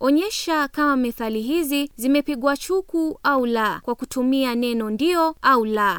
Onyesha kama methali hizi zimepigwa chuku au la kwa kutumia neno ndio au la.